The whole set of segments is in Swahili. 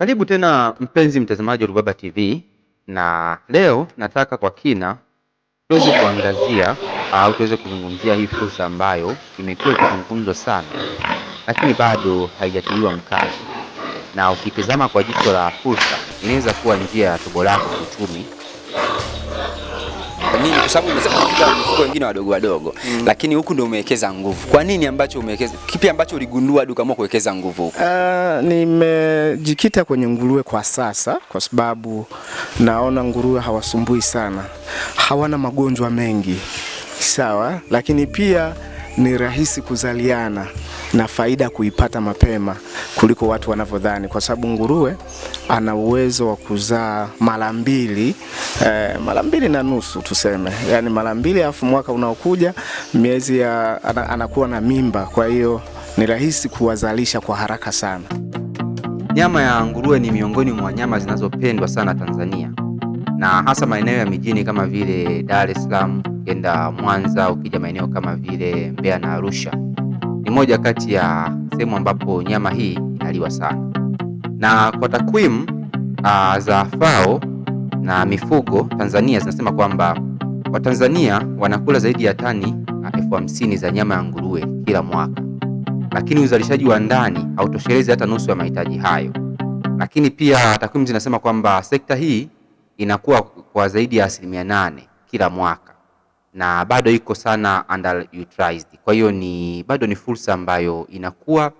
Karibu tena mpenzi mtazamaji wa Rubaba TV, na leo nataka kwa kina tuweze kuangazia au tuweze kuzungumzia hii fursa ambayo imekuwa ikizungumzwa sana, lakini bado haijatiliwa mkazo, na ukitizama kwa jicho la fursa inaweza kuwa njia ya tobo lako kiuchumi, nini, kwa sababu umesema mifuko wengine wadogo wadogo mm. Lakini huku ndio umewekeza nguvu. Kwa nini ambacho umewekeza, kipi ambacho uligundua hadi ukaamua kuwekeza nguvu huku? Uh, nimejikita kwenye nguruwe kwa sasa, kwa sababu naona nguruwe hawasumbui sana, hawana magonjwa mengi, sawa, lakini pia ni rahisi kuzaliana na faida kuipata mapema kuliko watu wanavyodhani, kwa sababu nguruwe ana uwezo wa kuzaa mara mbili eh, mara mbili na nusu tuseme, yani mara mbili, alafu mwaka unaokuja miezi ya anakuwa na mimba, kwa hiyo ni rahisi kuwazalisha kwa haraka sana. Nyama ya nguruwe ni miongoni mwa nyama zinazopendwa sana Tanzania na hasa maeneo ya mijini kama vile Dar es Salaam, ukienda Mwanza, ukija maeneo kama vile Mbeya na Arusha ni moja kati ya sehemu ambapo nyama hii inaliwa sana, na kwa takwimu uh, za FAO na mifugo Tanzania zinasema kwamba Watanzania wanakula zaidi ya tani ah, elfu hamsini za nyama ya nguruwe kila mwaka, lakini uzalishaji wa ndani hautoshelezi hata nusu ya mahitaji hayo. Lakini pia takwimu zinasema kwamba sekta hii inakuwa kwa zaidi ya asilimia nane kila mwaka na bado iko sana underutilized. Kwa hiyo ni bado ni fursa ambayo inakuwa,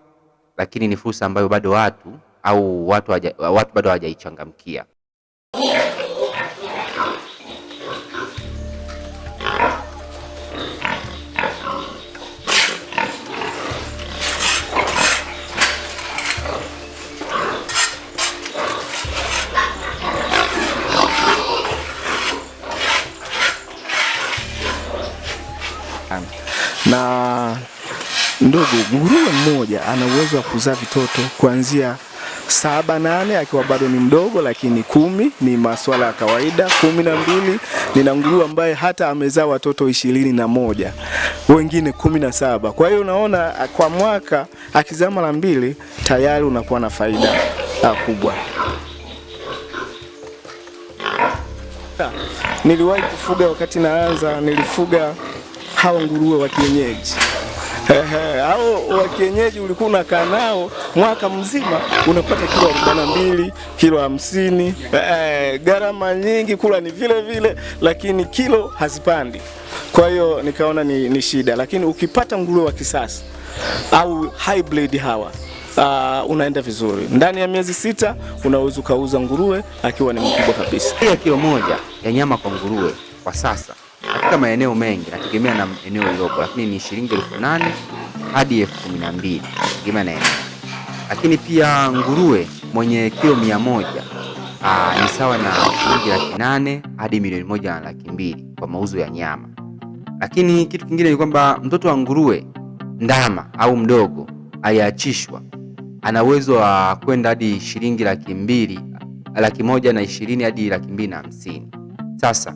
lakini ni fursa ambayo bado watu au watu, waja, watu bado hawajaichangamkia. sana. Na ndugu, nguruwe mmoja ana uwezo wa kuzaa vitoto kuanzia saba nane akiwa bado ni mdogo, lakini kumi ni masuala ya kawaida. kumi na mbili nina nguruwe ambaye hata amezaa watoto ishirini na moja wengine kumi na saba. Kwa hiyo unaona, kwa mwaka akizaa mara mbili tayari unakuwa na faida ah, kubwa. Niliwahi kufuga wakati naanza, nilifuga hawa nguruwe wa kienyeji hao wa kienyeji ulikuwa unakaa nao mwaka mzima, unapata kilo arobaini na mbili, kilo hamsini. gharama nyingi, kula ni vile vile, lakini kilo hazipandi. Kwa hiyo nikaona ni, ni shida, lakini ukipata nguruwe wa kisasa au hybrid hawa Uh, unaenda vizuri. Ndani ya miezi sita unaweza ukauza nguruwe akiwa ni mkubwa kabisa. Kilo moja ya nyama kwa nguruwe kwa sasa katika maeneo mengi nategemea na eneo lililopo, lakini ni shilingi elfu nane hadi elfu kumi na mbili na eneo. Lakini pia nguruwe mwenye kilo mia moja ah, ni sawa na shilingi laki nane hadi milioni moja na laki mbili kwa mauzo ya nyama. Lakini kitu kingine ni kwamba mtoto wa nguruwe ndama au mdogo aliachishwa ana uwezo wa kwenda hadi shilingi laki mbili laki moja na ishirini hadi laki mbili na hamsini. Sasa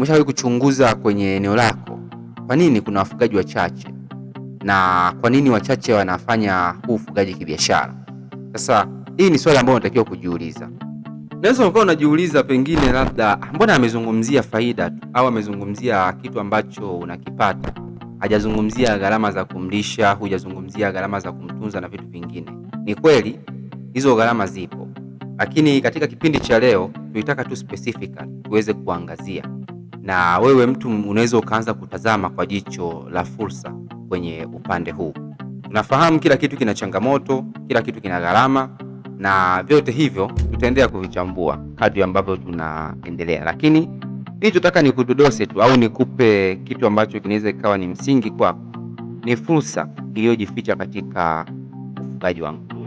Umeshawahi kuchunguza kwenye eneo lako, kwa nini kuna wafugaji wachache na kwa nini wachache wanafanya huu ufugaji kibiashara? Sasa hii ni swali ambalo unatakiwa kujiuliza. Naweza ukawa unajiuliza pengine, labda mbona amezungumzia faida tu au amezungumzia kitu ambacho unakipata, hajazungumzia gharama za kumlisha, hujazungumzia gharama za kumtunza na vitu vingine. Ni kweli hizo gharama zipo, lakini katika kipindi cha leo tuitaka tu tuweze kuangazia na wewe mtu unaweza ukaanza kutazama kwa jicho la fursa kwenye upande huu. Unafahamu kila kitu kina changamoto, kila kitu kina gharama, na vyote hivyo tutaendelea kuvichambua kadri ambavyo tunaendelea, lakini nilichotaka kudodose tu au nikupe kitu ambacho kinaweza ikawa ni msingi kwako, ni fursa iliyojificha katika ufugaji wangu.